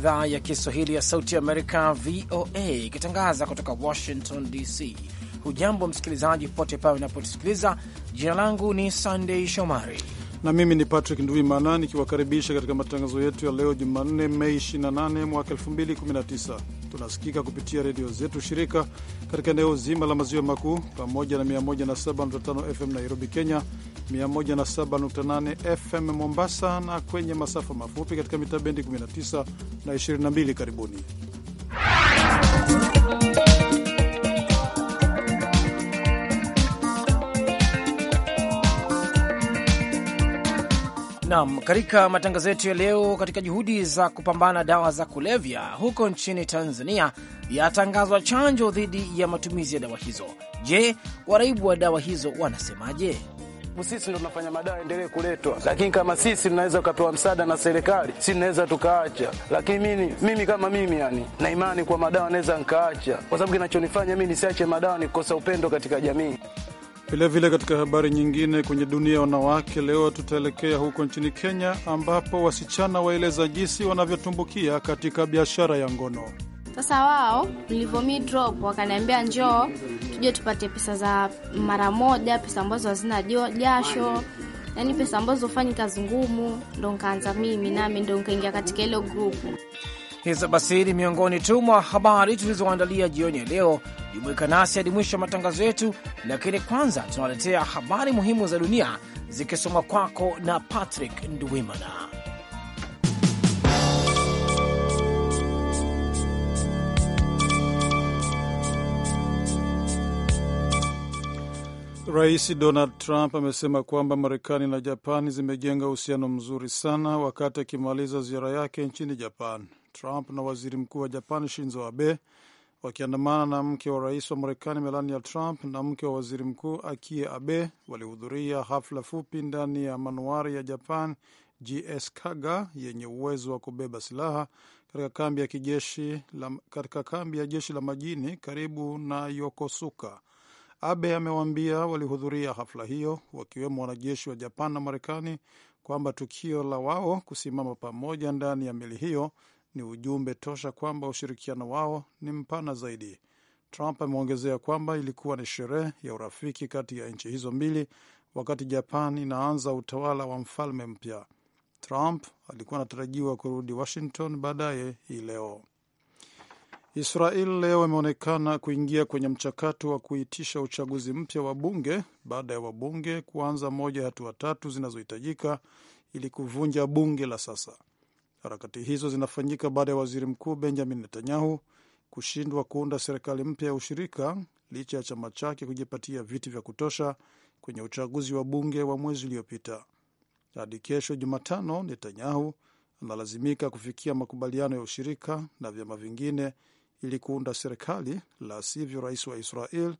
idhaa ya Kiswahili ya Sauti Amerika, VOA, ikitangaza kutoka Washington DC. Hujambo msikilizaji, popote pale unapotusikiliza. Jina langu ni Sandei Shomari na mimi ni Patrick Nduimana nikiwakaribisha katika matangazo yetu ya leo Jumanne, Mei 28 mwaka 2019. Tunasikika kupitia redio zetu shirika katika eneo zima la maziwa makuu pamoja na 107.5 FM Nairobi, Kenya, 107.8 FM Mombasa, na kwenye masafa mafupi katika mita bendi 19 na 22. Karibuni. Naam, katika matangazo yetu ya leo, katika juhudi za kupambana dawa za kulevya huko nchini Tanzania yatangazwa chanjo dhidi ya matumizi ya dawa hizo. Je, waraibu wa dawa hizo wanasemaje? Sisi ndo tunafanya madawa endelee kuletwa, lakini kama sisi tunaweza ukapewa msaada na serikali, si tunaweza tukaacha. Lakini mimi, mimi kama mimi yani, na imani kwa madawa naweza nkaacha, kwa sababu kinachonifanya mii nisiache madawa ni kukosa upendo katika jamii. Vilevile katika habari nyingine, kwenye dunia ya wanawake leo tutaelekea huko nchini Kenya ambapo wasichana waeleza jinsi wanavyotumbukia katika biashara ya ngono. Sasa wao nilivyomi drop wakaniambia, njoo tuje tupate pesa za mara moja, pesa ambazo hazina jasho, yaani pesa ambazo hufanyi kazi ngumu. Ndo nkaanza mimi nami ndo nkaingia katika hilo grupu. Hizo basi ni miongoni tu mwa habari tulizoandalia jioni ya leo. Jumuika nasi hadi mwisho wa matangazo yetu, lakini kwanza tunawaletea habari muhimu za dunia zikisoma kwako na Patrick Nduwimana. Rais Donald Trump amesema kwamba Marekani na Japani zimejenga uhusiano mzuri sana wakati akimaliza ziara yake nchini Japan. Trump na waziri mkuu wa Japan Shinzo Abe wakiandamana na mke wa rais wa Marekani Melania Trump na mke wa waziri mkuu Akie Abe walihudhuria hafla fupi ndani ya manuari ya Japan GS Kaga yenye uwezo wa kubeba silaha katika kambi ya kijeshi la, katika kambi ya jeshi la majini karibu na Yokosuka. Abe amewaambia walihudhuria hafla hiyo wakiwemo wanajeshi wa Japan na Marekani kwamba tukio la wao kusimama pamoja ndani ya meli hiyo ni ujumbe tosha kwamba ushirikiano wao ni mpana zaidi. Trump ameongezea kwamba ilikuwa ni sherehe ya urafiki kati ya nchi hizo mbili wakati Japan inaanza utawala wa mfalme mpya. Trump alikuwa anatarajiwa kurudi Washington baadaye hii leo. Israel leo imeonekana kuingia kwenye mchakato wa kuitisha uchaguzi mpya wa bunge baada ya wabunge kuanza moja ya hatua tatu zinazohitajika ili kuvunja bunge la sasa. Harakati hizo zinafanyika baada ya waziri mkuu Benjamin Netanyahu kushindwa kuunda serikali mpya ya ushirika licha ya chama chake kujipatia viti vya kutosha kwenye uchaguzi wa bunge wa mwezi uliopita. Hadi kesho Jumatano, Netanyahu analazimika kufikia makubaliano ya ushirika na vyama vingine ili kuunda serikali, la sivyo rais wa Israel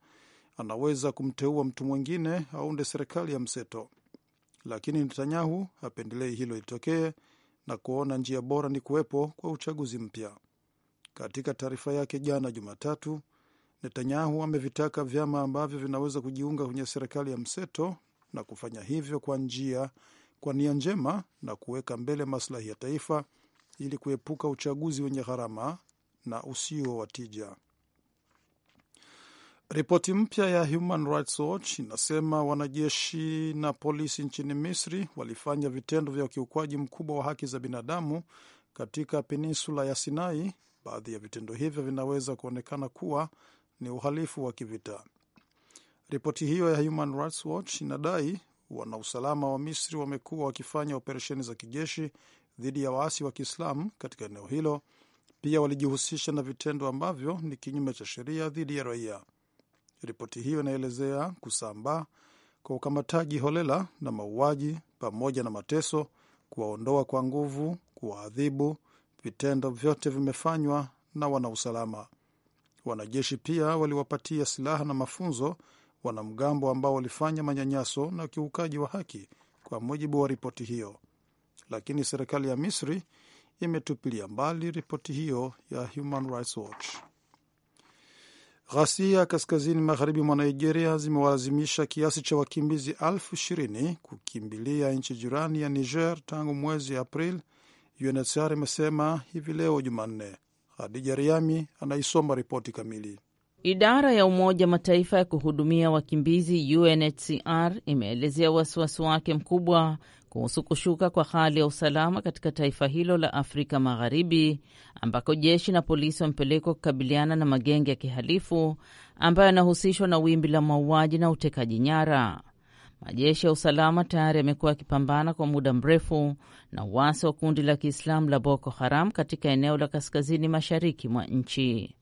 anaweza kumteua mtu mwingine aunde serikali ya mseto, lakini Netanyahu hapendelei hilo litokee, na kuona njia bora ni kuwepo kwa uchaguzi mpya. Katika taarifa yake jana Jumatatu, Netanyahu amevitaka vyama ambavyo vinaweza kujiunga kwenye serikali ya mseto na kufanya hivyo kwa njia kwa nia njema na kuweka mbele maslahi ya taifa ili kuepuka uchaguzi wenye gharama na usio wa tija. Ripoti mpya ya Human Rights Watch inasema wanajeshi na polisi nchini Misri walifanya vitendo vya ukiukwaji mkubwa wa haki za binadamu katika peninsula ya Sinai. Baadhi ya vitendo hivyo vinaweza kuonekana kuwa ni uhalifu wa kivita. Ripoti hiyo ya Human Rights Watch inadai wanausalama wa Misri wamekuwa wakifanya operesheni za kijeshi dhidi ya waasi wa Kiislamu katika eneo hilo. Pia walijihusisha na vitendo ambavyo ni kinyume cha sheria dhidi ya raia. Ripoti hiyo inaelezea kusambaa kwa ukamataji holela na mauaji pamoja na mateso, kuwaondoa kwa nguvu, kuwaadhibu. Vitendo vyote vimefanywa na wanausalama. Wanajeshi pia waliwapatia silaha na mafunzo wanamgambo ambao walifanya manyanyaso na ukiukaji wa haki, kwa mujibu wa ripoti hiyo. Lakini serikali ya Misri imetupilia mbali ripoti hiyo ya Human Rights Watch. Ghasia kaskazini magharibi mwa Nigeria zimewalazimisha kiasi cha wakimbizi elfu ishirini kukimbilia nchi jirani ya Niger tangu mwezi April, UNHCR imesema hivi leo Jumanne. Hadija Riami anaisoma ripoti kamili. Idara ya Umoja Mataifa ya kuhudumia wakimbizi UNHCR imeelezea wasiwasi wake mkubwa kuhusu kushuka kwa hali ya usalama katika taifa hilo la Afrika Magharibi ambako jeshi na polisi wamepelekwa kukabiliana na magenge ya kihalifu ambayo yanahusishwa na wimbi la mauaji na utekaji nyara. Majeshi ya usalama tayari yamekuwa yakipambana kwa muda mrefu na uasi wa kundi la Kiislamu la Boko Haram katika eneo la kaskazini mashariki mwa nchi.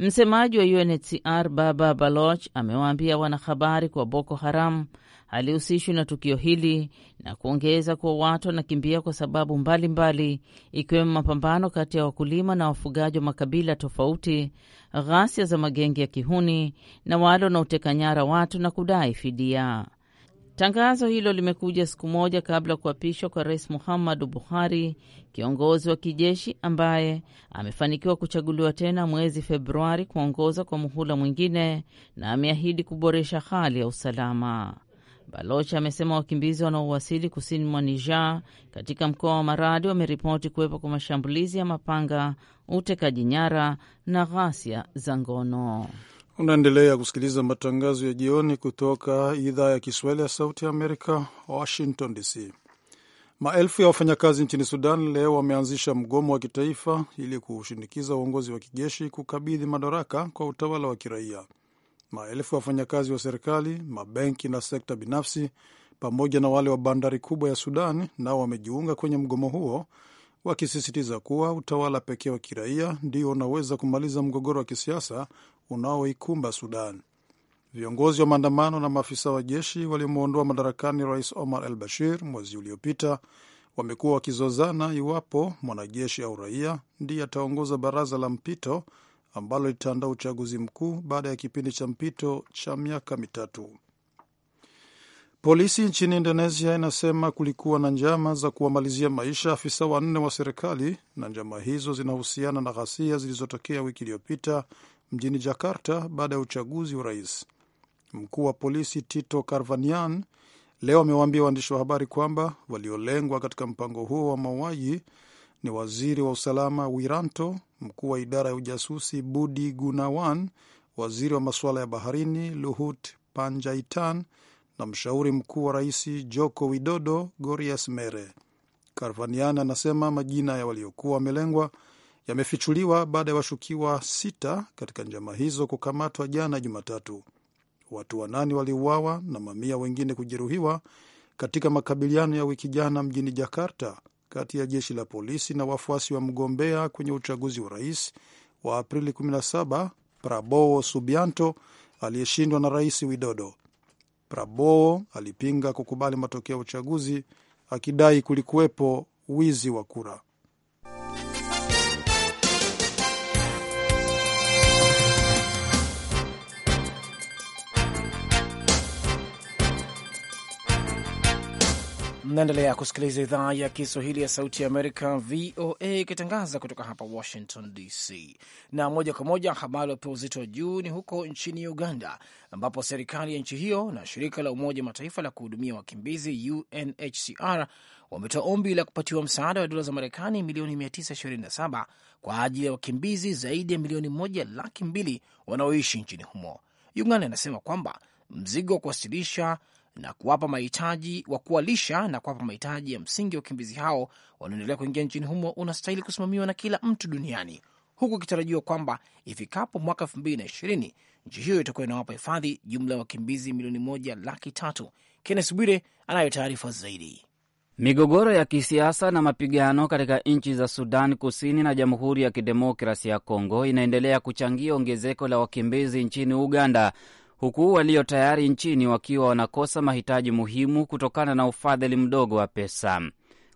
Msemaji wa UNHCR Baba Baloch amewaambia wanahabari kwa Boko Haram alihusishwi na tukio hili na kuongeza kuwa watu wanakimbia kwa sababu mbalimbali, ikiwemo mapambano kati ya wakulima na wafugaji wa makabila tofauti, ghasia za magenge ya kihuni na wale wanaoteka nyara watu na kudai fidia. Tangazo hilo limekuja siku moja kabla ya kuapishwa kwa Rais Muhammadu Buhari, kiongozi wa kijeshi ambaye amefanikiwa kuchaguliwa tena mwezi Februari kuongoza kwa muhula mwingine, na ameahidi kuboresha hali ya usalama. balochi amesema wakimbizi wanaowasili kusini mwa Niger katika mkoa wa Maradi wameripoti kuwepo kwa mashambulizi ya mapanga, utekaji nyara na ghasia za ngono. Unaendelea kusikiliza matangazo ya jioni kutoka idhaa ya Kiswahili ya Sauti ya Amerika, Washington DC. Maelfu ya wafanyakazi nchini Sudan leo wameanzisha mgomo wa kitaifa ili kushinikiza uongozi wa kijeshi kukabidhi madaraka kwa utawala wa kiraia. Maelfu ya wafanyakazi wa serikali, mabenki na sekta binafsi, pamoja na wale wa bandari kubwa ya Sudan, nao wamejiunga kwenye mgomo huo, wakisisitiza kuwa utawala pekee wa kiraia ndio unaweza kumaliza mgogoro wa kisiasa unaoikumba Sudan. Viongozi wa maandamano na maafisa wa jeshi waliomwondoa madarakani Rais Omar al Bashir mwezi uliopita wamekuwa wakizozana iwapo mwanajeshi au raia ndiye ataongoza baraza la mpito ambalo litaandaa uchaguzi mkuu baada ya kipindi cha mpito cha miaka mitatu. Polisi nchini Indonesia inasema kulikuwa na njama za kuwamalizia maisha afisa wanne wa serikali, na njama hizo zinahusiana na ghasia zilizotokea wiki iliyopita mjini Jakarta baada ya uchaguzi wa rais. Mkuu wa polisi Tito carvanian leo amewaambia waandishi wa habari kwamba waliolengwa katika mpango huo wa mauaji ni waziri wa usalama Wiranto, mkuu wa idara ya ujasusi Budi Gunawan, waziri wa masuala ya baharini Luhut Panjaitan na mshauri mkuu wa rais Joko Widodo Gorias Mere. Karvanian anasema majina ya waliokuwa wamelengwa yamefichuliwa baada ya washukiwa sita katika njama hizo kukamatwa jana Jumatatu. Watu wanane waliuawa na mamia wengine kujeruhiwa katika makabiliano ya wiki jana mjini Jakarta kati ya jeshi la polisi na wafuasi wa mgombea kwenye uchaguzi wa rais wa Aprili 17 Prabowo Subianto aliyeshindwa na Rais Widodo. Prabowo alipinga kukubali matokeo ya uchaguzi akidai kulikuwepo wizi wa kura. Mnaendelea kusikiliza idhaa ya Kiswahili ya Sauti ya Amerika, VOA, ikitangaza kutoka hapa Washington DC. Na moja kwa moja habari wapewa uzito wa juu ni huko nchini Uganda, ambapo serikali ya nchi hiyo na shirika la Umoja Mataifa la kuhudumia wakimbizi UNHCR wametoa ombi la kupatiwa msaada wa dola za Marekani milioni 927 kwa ajili ya wakimbizi zaidi ya milioni moja laki mbili wanaoishi nchini humo. Uganda inasema kwamba mzigo wa kuwasilisha na kuwapa mahitaji wa kuwalisha na kuwapa mahitaji ya msingi wa wakimbizi hao wanaoendelea kuingia nchini humo unastahili kusimamiwa na kila mtu duniani, huku ikitarajiwa kwamba ifikapo mwaka elfu mbili na ishirini nchi hiyo itakuwa inawapa hifadhi jumla ya wakimbizi milioni moja laki tatu. Kennes Bwire anayo taarifa zaidi. Migogoro ya kisiasa na mapigano katika nchi za Sudan Kusini na Jamhuri ya Kidemokrasi ya Kongo inaendelea kuchangia ongezeko la wakimbizi nchini Uganda huku walio tayari nchini wakiwa wanakosa mahitaji muhimu kutokana na ufadhili mdogo wa pesa.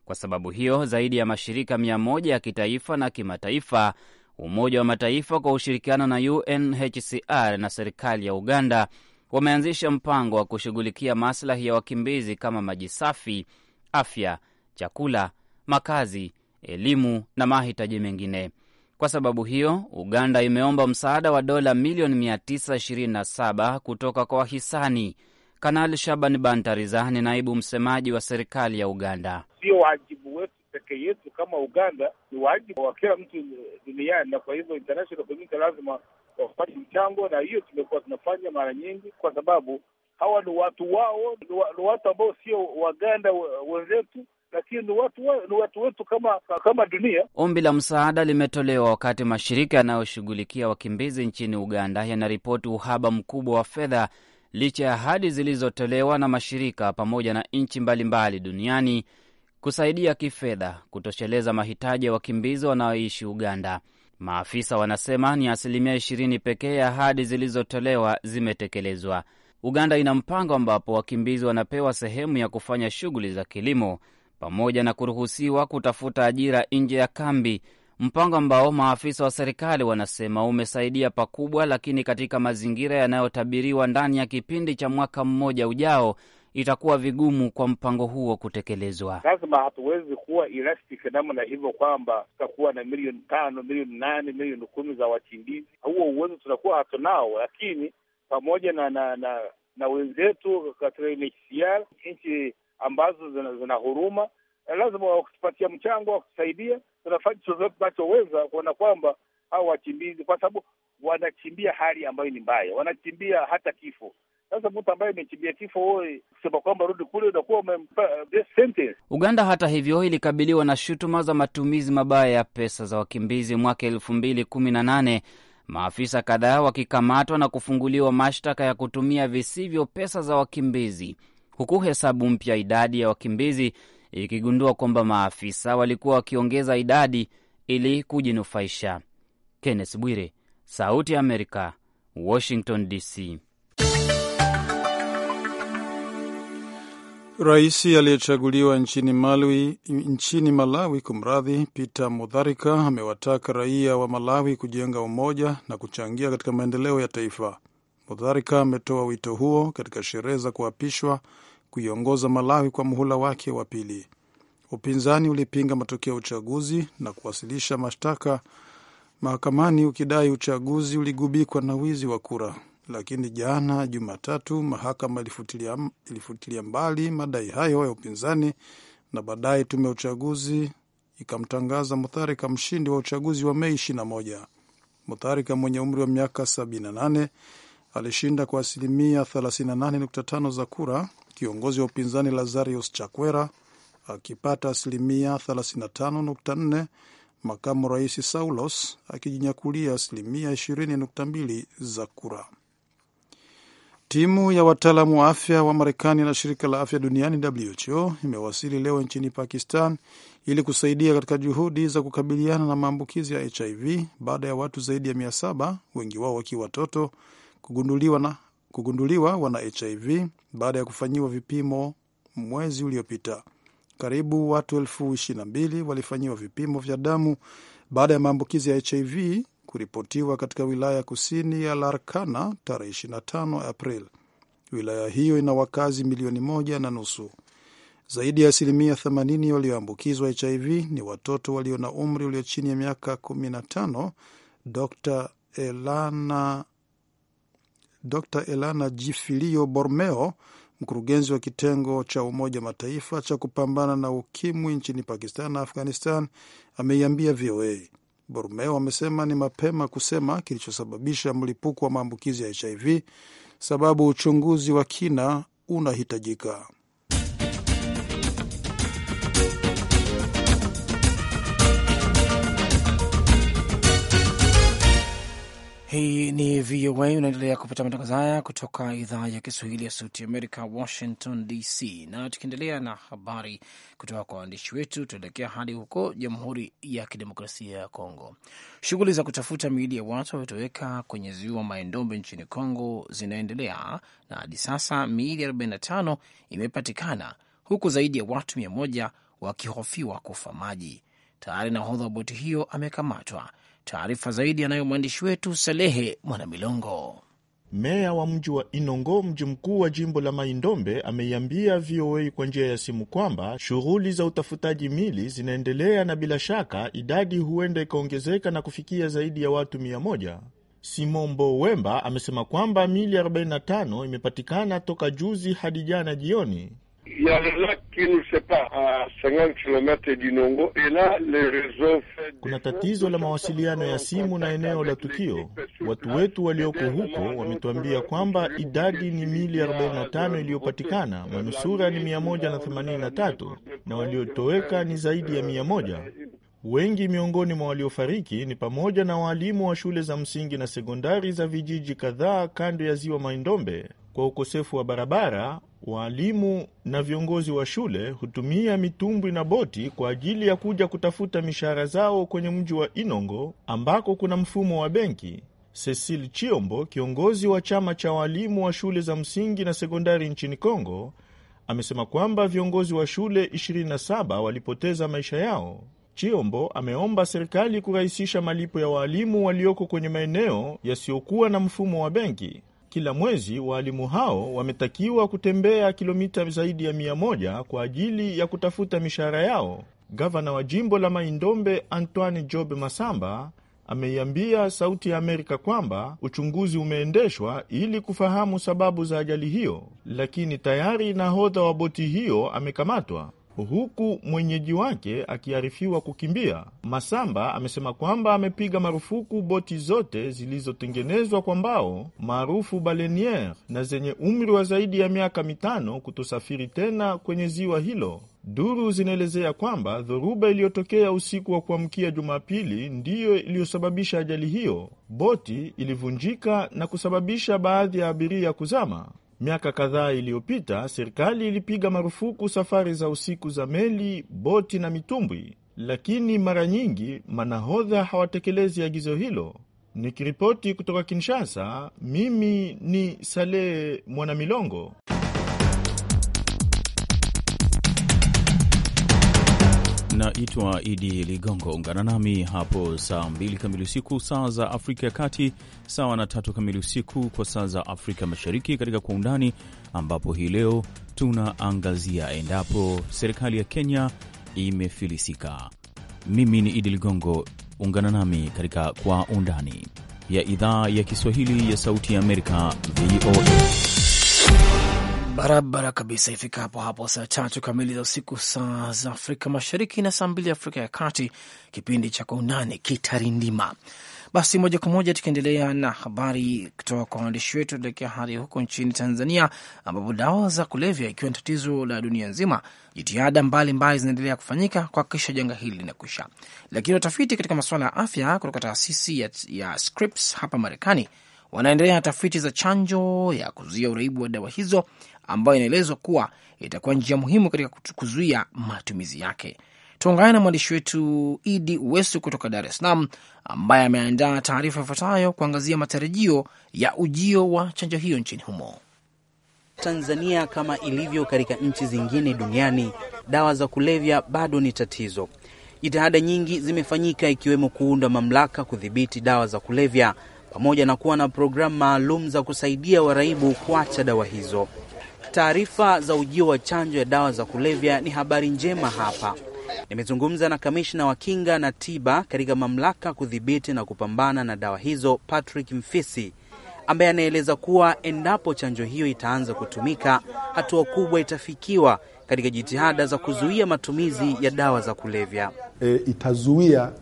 Kwa sababu hiyo, zaidi ya mashirika mia moja ya kitaifa na kimataifa, Umoja wa Mataifa kwa ushirikiano na UNHCR na serikali ya Uganda wameanzisha mpango wa kushughulikia maslahi ya wakimbizi kama maji safi, afya, chakula, makazi, elimu na mahitaji mengine. Kwa sababu hiyo, Uganda imeomba msaada wa dola milioni 927 kutoka kwa wahisani. Kanali Shaban Bantariza ni naibu msemaji wa serikali ya Uganda. Sio wajibu wetu peke yetu kama Uganda, ni wajibu wa kila mtu duniani, na kwa hivyo international community lazima wafanye mchango, na hiyo tumekuwa tunafanya mara nyingi, kwa sababu hawa ni watu wao, ni watu ambao sio Waganda wenzetu lakini ni watu ni watu wetu kama kama dunia. Ombi la msaada limetolewa wakati mashirika yanayoshughulikia wakimbizi nchini Uganda yanaripoti uhaba mkubwa wa fedha licha ya ahadi zilizotolewa na mashirika pamoja na nchi mbalimbali duniani kusaidia kifedha kutosheleza mahitaji ya wakimbizi wanaoishi Uganda. Maafisa wanasema ni asilimia ishirini pekee ya ahadi zilizotolewa zimetekelezwa. Uganda ina mpango ambapo wakimbizi wanapewa sehemu ya kufanya shughuli za kilimo pamoja na kuruhusiwa kutafuta ajira nje ya kambi, mpango ambao maafisa wa serikali wanasema umesaidia pakubwa, lakini katika mazingira yanayotabiriwa ndani ya kipindi cha mwaka mmoja ujao itakuwa vigumu kwa mpango huo kutekelezwa. Lazima hatuwezi kuwa elastic namna hivyo kwamba tutakuwa na milioni tano, milioni nane, milioni kumi za wakimbizi. Huo uwezo tunakuwa hatunao, lakini pamoja na na na, na wenzetu katika UNHCR nchi ambazo zina, zina huruma lazima wakutupatia mchango wa kutusaidia. Tunafanya chochote tunachoweza kuona kwamba hawa wakimbizi, kwa sababu wanachimbia hali ambayo ni mbaya, wanakimbia hata kifo. Sasa mtu ambaye imechimbia kifo wewe kusema kwamba rudi kule, unakuwa umempa uh, death sentence. Uganda hata hivyo ilikabiliwa na shutuma za matumizi mabaya ya pesa za wakimbizi mwaka elfu mbili kumi na nane maafisa kadhaa wakikamatwa na kufunguliwa mashtaka ya kutumia visivyo pesa za wakimbizi huku hesabu mpya idadi ya wakimbizi ikigundua kwamba maafisa walikuwa wakiongeza idadi ili kujinufaisha. Kenneth Bwire, Sauti ya Amerika, Washington DC. rais aliyechaguliwa nchini Malawi, nchini Malawi kumradhi, Peter Mutharika amewataka raia wa Malawi kujenga umoja na kuchangia katika maendeleo ya taifa. Kadhalika ametoa wito huo katika sherehe za kuapishwa kuiongoza Malawi kwa muhula wake wa pili. Upinzani ulipinga matokeo ya uchaguzi na kuwasilisha mashtaka mahakamani ukidai uchaguzi uligubikwa na wizi wa kura, lakini jana Jumatatu mahakama ilifutilia, ilifutilia mbali madai hayo ya upinzani na baadaye tume ya uchaguzi ikamtangaza Mutharika mshindi wa uchaguzi wa Mei 21. Mutharika mwenye umri wa miaka 78 alishinda kwa asilimia 38.5 za kura, kiongozi wa upinzani Lazarus Chakwera akipata asilimia 35.4, makamu rais Saulos akijinyakulia asilimia 20.2 za kura. Timu ya wataalamu wa afya wa Marekani na shirika la afya duniani WHO imewasili leo nchini Pakistan ili kusaidia katika juhudi za kukabiliana na maambukizi ya HIV baada ya watu zaidi ya mia saba, wengi wao wakiwa watoto kugunduliwa, na, kugunduliwa wana HIV baada ya kufanyiwa vipimo mwezi uliopita. Karibu watu elfu ishirini na mbili walifanyiwa vipimo vya damu baada ya maambukizi ya HIV kuripotiwa katika wilaya ya kusini ya Larkana tarehe 25 April. Wilaya hiyo ina wakazi milioni moja na nusu. Zaidi ya asilimia 80 walioambukizwa HIV ni watoto walio na umri ulio chini ya miaka 15. Dr Elana Dr Elana Jifilio Bormeo, mkurugenzi wa kitengo cha Umoja Mataifa cha kupambana na ukimwi nchini Pakistan na Afghanistan, ameiambia VOA. Bormeo amesema ni mapema kusema kilichosababisha mlipuko wa maambukizi ya HIV, sababu uchunguzi wa kina unahitajika. Hii ni VOA, unaendelea kupata matangazo haya kutoka idhaa ya Kiswahili ya Sauti Amerika, Washington DC. Na tukiendelea na habari kutoka kwa waandishi wetu, tuelekea hadi huko Jamhuri ya Kidemokrasia ya Kongo. Shughuli za kutafuta miili ya watu waliotoweka kwenye ziwa Maendombe nchini Kongo zinaendelea na hadi sasa miili 45 imepatikana huku zaidi ya watu 100 wakihofiwa kufa maji. Tayari nahodha wa boti hiyo amekamatwa Taarifa zaidi anayo mwandishi wetu Salehe Mwanamilongo. Meya wa mji wa Inongo, mji mkuu wa jimbo la Maindombe, ameiambia VOA kwa njia ya simu kwamba shughuli za utafutaji mili zinaendelea na bila shaka idadi huenda ikaongezeka na kufikia zaidi ya watu mia moja. Simombo Wemba amesema kwamba mili 45 imepatikana toka juzi hadi jana jioni qui nous sépare à 50 km du Nongo. Et là, le réseau kuna tatizo la mawasiliano ya simu na eneo la tukio. Watu wetu walioko huko wametuambia kwamba idadi ni mili 45 iliyopatikana, manusura ni 183 na waliotoweka ni zaidi ya 100. Wengi miongoni mwa waliofariki ni pamoja na waalimu wa shule za msingi na sekondari za vijiji kadhaa kando ya ziwa Maindombe kwa ukosefu wa barabara, waalimu na viongozi wa shule hutumia mitumbwi na boti kwa ajili ya kuja kutafuta mishahara zao kwenye mji wa Inongo ambako kuna mfumo wa benki. Cecil Chiombo, kiongozi wa chama cha waalimu wa shule za msingi na sekondari nchini Kongo, amesema kwamba viongozi wa shule 27 walipoteza maisha yao. Chiombo ameomba serikali kurahisisha malipo ya waalimu walioko kwenye maeneo yasiyokuwa na mfumo wa benki. Kila mwezi waalimu hao wametakiwa kutembea kilomita zaidi ya mia moja kwa ajili ya kutafuta mishahara yao. Gavana wa jimbo la Maindombe Antoine Job Masamba ameiambia Sauti ya Amerika kwamba uchunguzi umeendeshwa ili kufahamu sababu za ajali hiyo, lakini tayari nahodha wa boti hiyo amekamatwa huku mwenyeji wake akiarifiwa kukimbia. Masamba amesema kwamba amepiga marufuku boti zote zilizotengenezwa kwa mbao maarufu baleniere na zenye umri wa zaidi ya miaka mitano kutosafiri tena kwenye ziwa hilo. Duru zinaelezea kwamba dhoruba iliyotokea usiku wa kuamkia Jumapili ndiyo iliyosababisha ajali hiyo. Boti ilivunjika na kusababisha baadhi ya abiria kuzama. Miaka kadhaa iliyopita, serikali ilipiga marufuku safari za usiku za meli, boti na mitumbwi, lakini mara nyingi manahodha hawatekelezi agizo hilo. Nikiripoti kutoka Kinshasa, mimi ni Salehe Mwanamilongo. Naitwa Idi Ligongo. Ungana nami hapo saa mbili kamili usiku saa za Afrika ya Kati, sawa na tatu kamili usiku kwa saa za Afrika Mashariki, katika Kwa Undani, ambapo hii leo tunaangazia endapo serikali ya Kenya imefilisika. Mimi ni Idi Ligongo, ungana nami katika Kwa Undani ya idhaa ya Kiswahili ya Sauti ya Amerika, VOA barabara kabisa ifikapo hapo saa tatu kamili za usiku, saa za Afrika Mashariki, na saa mbili Afrika ya Kati. Kipindi cha Kwa Undani kitarindima. Basi moja kwa moja tukiendelea na habari kutoka kwa waandishi wetu, tuelekea hadi huko nchini Tanzania, ambapo dawa za kulevya ikiwa ni tatizo la dunia nzima, jitihada mbalimbali zinaendelea kufanyika kuhakikisha janga hili linakwisha. Lakini watafiti katika masuala ya afya kutoka taasisi ya, ya Scripps hapa Marekani wanaendelea na tafiti za chanjo ya kuzuia uraibu wa dawa hizo ambayo inaelezwa kuwa itakuwa njia muhimu katika kuzuia matumizi yake. Tuungane na mwandishi wetu Idi Wesu kutoka Dar es Salaam ambaye ameandaa taarifa ifuatayo kuangazia matarajio ya ujio wa chanjo hiyo nchini humo. Tanzania kama ilivyo katika nchi zingine duniani, dawa za kulevya bado ni tatizo. Jitihada nyingi zimefanyika ikiwemo kuunda mamlaka kudhibiti dawa za kulevya pamoja na kuwa na programu maalum za kusaidia waraibu kuacha dawa hizo. Taarifa za ujio wa chanjo ya dawa za kulevya ni habari njema hapa. Nimezungumza na kamishna wa kinga na tiba katika mamlaka kudhibiti na kupambana na dawa hizo, Patrick Mfisi, ambaye anaeleza kuwa endapo chanjo hiyo itaanza kutumika, hatua kubwa itafikiwa katika jitihada za kuzuia matumizi ya dawa za kulevya. E, itazuia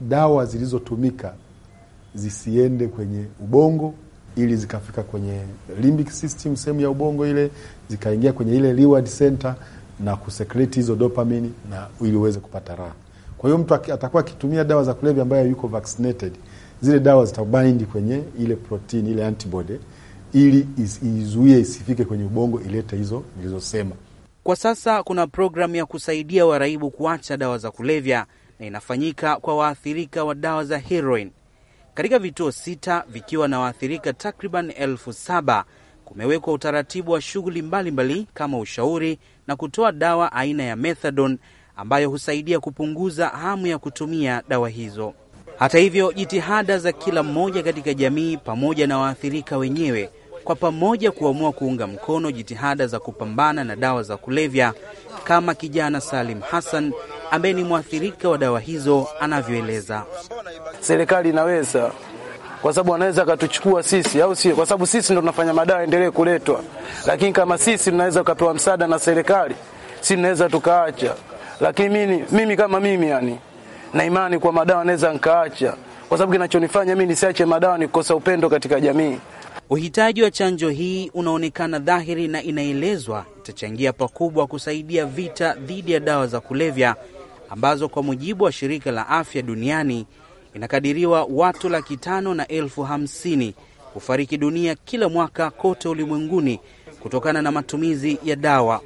dawa zilizotumika zisiende kwenye ubongo ili zikafika kwenye limbic system, sehemu ya ubongo ile, zikaingia kwenye ile reward center na kusekreti hizo dopamine na ili uweze kupata raha. Kwa hiyo mtu atakuwa akitumia dawa za kulevya ambayo yuko vaccinated, zile dawa zitabind kwenye ile protein, ile antibody ili izuie isifike kwenye ubongo, ilete hizo nilizosema. Kwa sasa kuna programu ya kusaidia waraibu kuacha dawa za kulevya na inafanyika kwa waathirika wa dawa za heroin katika vituo sita vikiwa na waathirika takriban elfu saba. Kumewekwa utaratibu wa shughuli mbalimbali kama ushauri na kutoa dawa aina ya methadon ambayo husaidia kupunguza hamu ya kutumia dawa hizo. Hata hivyo, jitihada za kila mmoja katika jamii pamoja na waathirika wenyewe kwa pamoja kuamua kuunga mkono jitihada za kupambana na dawa za kulevya, kama kijana Salim Hassan ambaye ni mwathirika wa dawa hizo anavyoeleza serikali inaweza, kwa sababu anaweza akatuchukua sisi, au sio? Kwa sababu sisi ndo tunafanya madawa endelee kuletwa, lakini kama sisi tunaweza ukapewa msaada na serikali, si tunaweza tukaacha. Lakini mimi, mimi kama mimi yani na imani kwa madawa naweza nkaacha kwa sababu kinachonifanya mimi nisiache madawa ni kukosa upendo katika jamii. Uhitaji wa chanjo hii unaonekana dhahiri na inaelezwa itachangia pakubwa kusaidia vita dhidi ya dawa za kulevya ambazo kwa mujibu wa shirika la afya duniani inakadiriwa watu laki tano na elfu hamsini hufariki dunia kila mwaka kote ulimwenguni kutokana na matumizi ya dawa.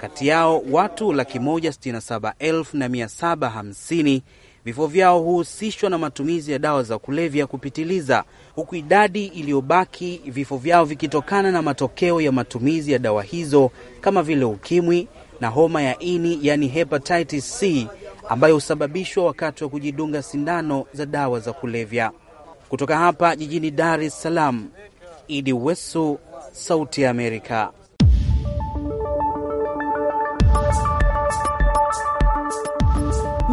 Kati yao watu laki moja sitini na saba elfu na mia saba hamsini vifo vyao huhusishwa na matumizi ya dawa za kulevya kupitiliza, huku idadi iliyobaki vifo vyao vikitokana na matokeo ya matumizi ya dawa hizo kama vile ukimwi na homa ya ini, yani hepatitis C ambayo husababishwa wakati wa kujidunga sindano za dawa za kulevya. Kutoka hapa jijini Dar es Salaam, Idi Wesu, Sauti ya Amerika.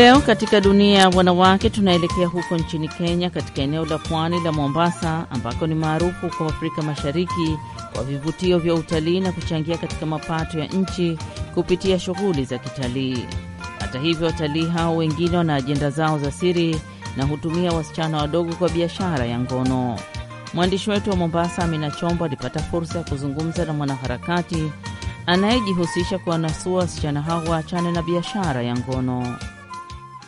Leo katika dunia ya wanawake, tunaelekea huko nchini Kenya, katika eneo la pwani la Mombasa ambako ni maarufu kwa Afrika Mashariki kwa vivutio vya utalii na kuchangia katika mapato ya nchi kupitia shughuli za kitalii. Hata hivyo, watalii hao wengine wana ajenda zao za siri na hutumia wasichana wadogo kwa biashara ya ngono. Mwandishi wetu wa Mombasa, Amina Chombo, alipata fursa ya kuzungumza na mwanaharakati anayejihusisha kuwanasua wasichana hao waachane na biashara ya ngono.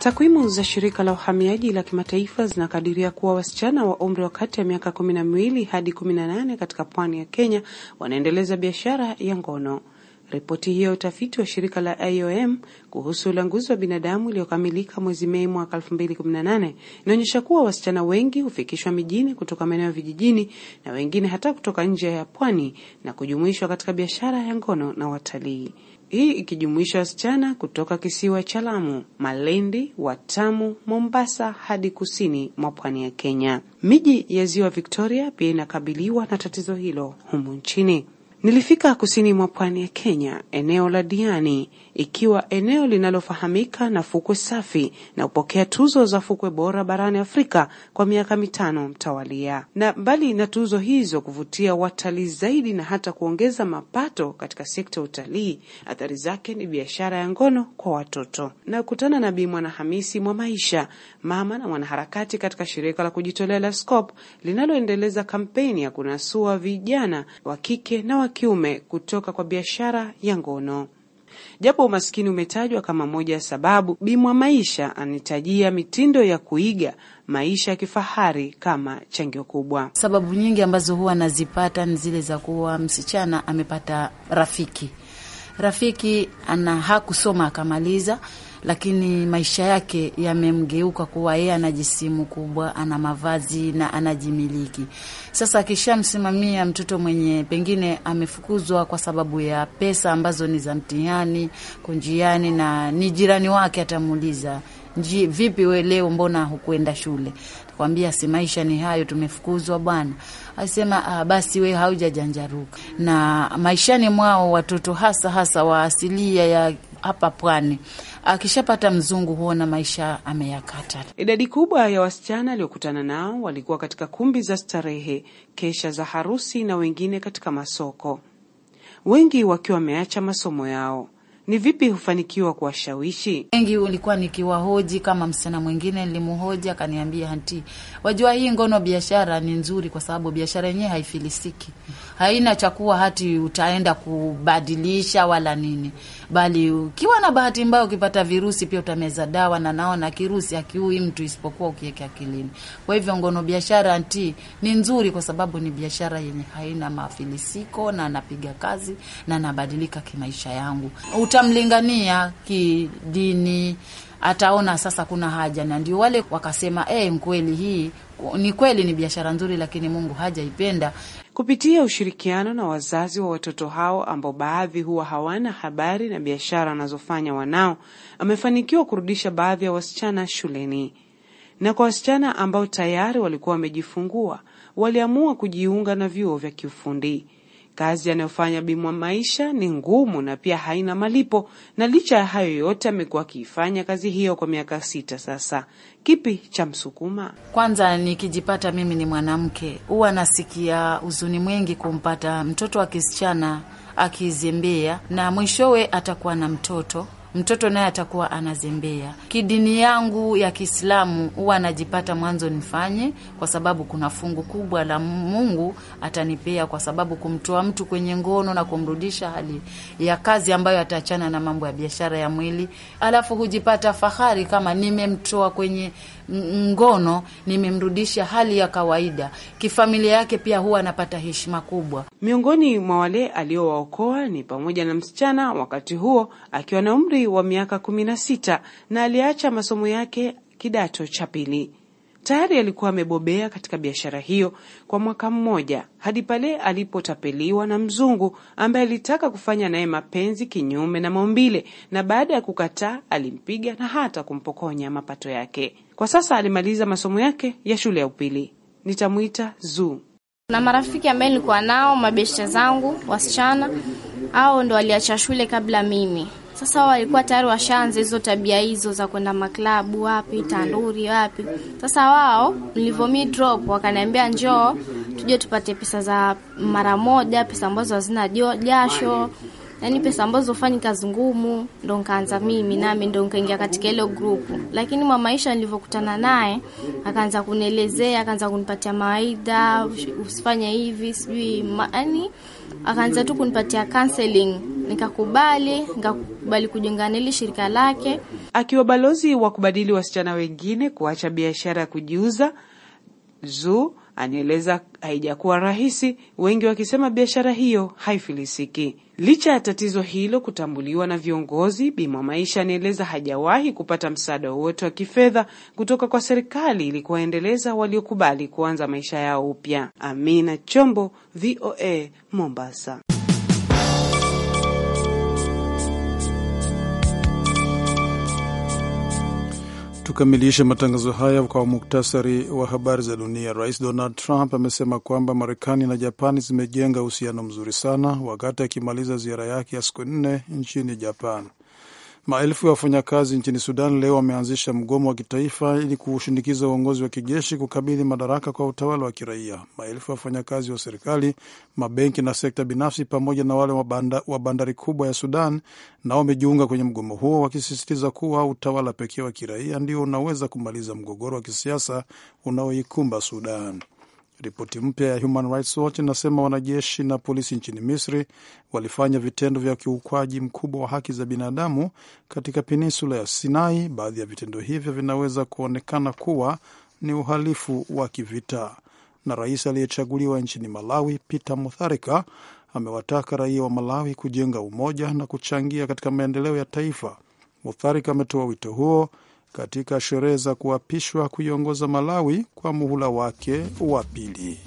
Takwimu za shirika la uhamiaji la kimataifa zinakadiria kuwa wasichana wa umri wa kati ya miaka kumi na miwili hadi kumi na nane katika pwani ya Kenya wanaendeleza biashara ya ngono. Ripoti hiyo ya utafiti wa shirika la IOM kuhusu ulanguzi wa binadamu iliyokamilika mwezi Mei mwaka 2018 inaonyesha kuwa wasichana wengi hufikishwa mijini kutoka maeneo ya vijijini na wengine hata kutoka nje ya pwani na kujumuishwa katika biashara ya ngono na watalii hii ikijumuisha wasichana kutoka kisiwa cha Lamu, Malindi, Watamu, Mombasa hadi kusini mwa pwani ya Kenya. Miji ya ziwa Victoria pia inakabiliwa na tatizo hilo humu nchini. Nilifika kusini mwa pwani ya Kenya, eneo la Diani, ikiwa eneo linalofahamika na fukwe safi na kupokea tuzo za fukwe bora barani Afrika kwa miaka mitano mtawalia. Na mbali na tuzo hizo kuvutia watalii zaidi na hata kuongeza mapato katika sekta ya utalii, athari zake ni biashara ya ngono kwa watoto. Nakutana na Bi Mwanahamisi Mwa Maisha, mama na mwanaharakati katika shirika la kujitolea la SCOP linaloendeleza kampeni ya kunasua vijana wa kike na wa kiume kutoka kwa biashara ya ngono. Japo umaskini umetajwa kama moja ya sababu, Bimwa Maisha anitajia mitindo ya kuiga maisha ya kifahari kama changio kubwa. Sababu nyingi ambazo huwa nazipata ni zile za kuwa msichana amepata rafiki, rafiki ana hakusoma akamaliza lakini maisha yake yamemgeuka kuwa yeye ana jisimu kubwa, ana mavazi na anajimiliki. Sasa akishamsimamia mtoto mwenye pengine amefukuzwa kwa sababu ya pesa ambazo ni za mtihani kunjiani, na ni jirani wake, atamuuliza Nji, vipi we leo mbona hukuenda shule? Kwambia si maisha ni hayo, tumefukuzwa bwana. Asema ah, basi we haujajanjaruka. Na maishani mwao watoto hasa hasa wa asilia ya hapa pwani akishapata mzungu huona maisha ameyakata. Idadi kubwa ya wasichana aliokutana nao walikuwa katika kumbi za starehe, kesha za harusi na wengine katika masoko, wengi wakiwa wameacha masomo yao. Ni vipi hufanikiwa kuwashawishi wengi? Ulikuwa nikiwahoji kama msichana mwingine nilimhoji, akaniambia anti, wajua hii ngono biashara ni nzuri, kwa sababu biashara yenyewe haifilisiki, haina chakuwa hati utaenda kubadilisha wala nini bali ukiwa na bahati mbaya ukipata virusi pia utameza dawa, na naona kirusi akiui mtu isipokuwa ukiweke akilini. Kwa hivyo ngono biashara nti ni nzuri, kwa sababu ni biashara yenye haina mafilisiko, na napiga kazi na nabadilika kimaisha yangu. Utamlingania kidini ataona sasa kuna haja, na ndio wale wakasema, e, mkweli hii ni kweli, ni biashara nzuri, lakini Mungu hajaipenda kupitia ushirikiano na wazazi wa watoto hao ambao baadhi huwa hawana habari na biashara wanazofanya wanao, amefanikiwa kurudisha baadhi ya wasichana shuleni. Na kwa wasichana ambao tayari walikuwa wamejifungua, waliamua kujiunga na vyuo vya kiufundi. Kazi anayofanya Bimwa Maisha ni ngumu na pia haina malipo, na licha ya hayo yote amekuwa akiifanya kazi hiyo kwa miaka sita sasa. Kipi cha msukuma? Kwanza, nikijipata mimi ni mwanamke, huwa nasikia huzuni mwingi kumpata mtoto wa kisichana akizembea na mwishowe atakuwa na mtoto mtoto naye atakuwa anazembea. Kidini yangu ya Kiislamu huwa najipata mwanzo nifanye, kwa sababu kuna fungu kubwa la Mungu atanipea, kwa sababu kumtoa mtu kwenye ngono na kumrudisha hali ya kazi ambayo ataachana na mambo ya biashara ya mwili, alafu hujipata fahari kama nimemtoa kwenye ngono, nimemrudisha hali ya kawaida kifamilia yake, pia huwa anapata heshima kubwa. Miongoni mwa wale aliowaokoa ni pamoja na msichana, wakati huo akiwa na umri wa miaka kumi na sita na aliacha masomo yake kidato cha pili. Tayari alikuwa amebobea katika biashara hiyo kwa mwaka mmoja hadi pale alipotapeliwa na mzungu ambaye alitaka kufanya naye mapenzi kinyume na maumbile, na baada ya kukataa alimpiga na hata kumpokonya mapato yake. Kwa sasa alimaliza masomo yake ya shule ya upili. Nitamwita Zuu na marafiki ambaye nilikuwa nao mabeshte zangu wasichana, hao ndo waliacha shule kabla mimi sasa walikuwa tayari washaanza hizo tabia hizo za kwenda maklabu wapi, tanduri wapi. Sasa wao nilivomi drop, wakaniambia njoo tuje tupate pesa za mara moja, pesa ambazo hazina jasho Yani pesa ambazo hufanyi kazi ngumu, ndo nkaanza mimi nami ndo nkaingia katika ile grupu. Lakini mama Aisha nilivyokutana naye akaanza kunielezea, akaanza kunipatia mawaidha, usifanye hivi, sijui yaani akaanza tu kunipatia counseling, nikakubali nikakubali kujiunga nili shirika lake. Akiwa balozi wa kubadili wasichana wengine kuacha biashara ya kujiuza, zuu anaeleza haijakuwa rahisi, wengi wakisema biashara hiyo haifilisiki. Licha ya tatizo hilo kutambuliwa na viongozi, Bima Maisha anaeleza hajawahi kupata msaada wowote wa kifedha kutoka kwa serikali ili kuwaendeleza waliokubali kuanza maisha yao upya. Amina Chombo, VOA, Mombasa. Tukamilishe matangazo haya kwa muktasari wa habari za dunia. Rais Donald Trump amesema kwamba Marekani na Japani zimejenga uhusiano mzuri sana wakati akimaliza ziara yake ya siku nne nchini Japan. Maelfu ya wafanyakazi nchini Sudan leo wameanzisha mgomo wa kitaifa ili kushinikiza uongozi wa kijeshi kukabidhi madaraka kwa utawala wa kiraia. Maelfu ya wafanyakazi wa serikali, mabenki na sekta binafsi, pamoja na wale wa bandari kubwa ya Sudan, nao wamejiunga kwenye mgomo huo, wakisisitiza kuwa utawala pekee wa kiraia ndio unaweza kumaliza mgogoro wa kisiasa unaoikumba Sudan. Ripoti mpya ya Human Rights Watch inasema wanajeshi na polisi nchini Misri walifanya vitendo vya ukiukwaji mkubwa wa haki za binadamu katika peninsula ya Sinai. Baadhi ya vitendo hivyo vinaweza kuonekana kuwa ni uhalifu wa kivita. Na rais aliyechaguliwa nchini Malawi Peter Mutharika amewataka raia wa Malawi kujenga umoja na kuchangia katika maendeleo ya taifa. Mutharika ametoa wito huo katika sherehe za kuapishwa kuiongoza Malawi kwa muhula wake wa pili.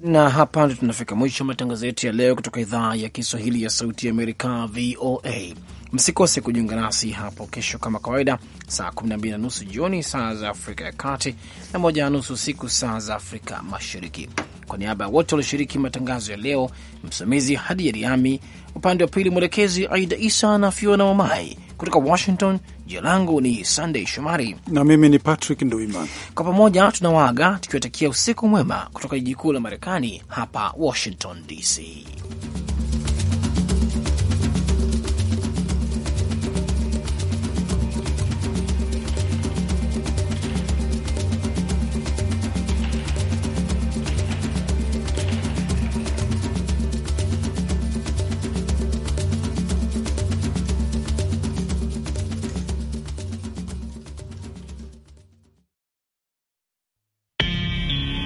Na hapa ndio tunafika mwisho matangazo yetu ya leo kutoka idhaa ya Kiswahili ya Sauti ya Amerika, VOA. Msikose kujiunga nasi hapo kesho kama kawaida, saa 12 na nusu jioni saa za Afrika ya Kati na moja na nusu usiku saa za Afrika Mashariki. Kwa niaba ya wote walioshiriki matangazo ya leo, msimamizi Hadi Yariami, upande wa pili mwelekezi Aida Isa na Fiona Wamai. Kutoka Washington, jina langu ni Sunday Shomari na mimi ni Patrick Nduiman. Kwa pamoja tunawaaga tukiwatakia usiku mwema kutoka jiji kuu la Marekani, hapa Washington DC.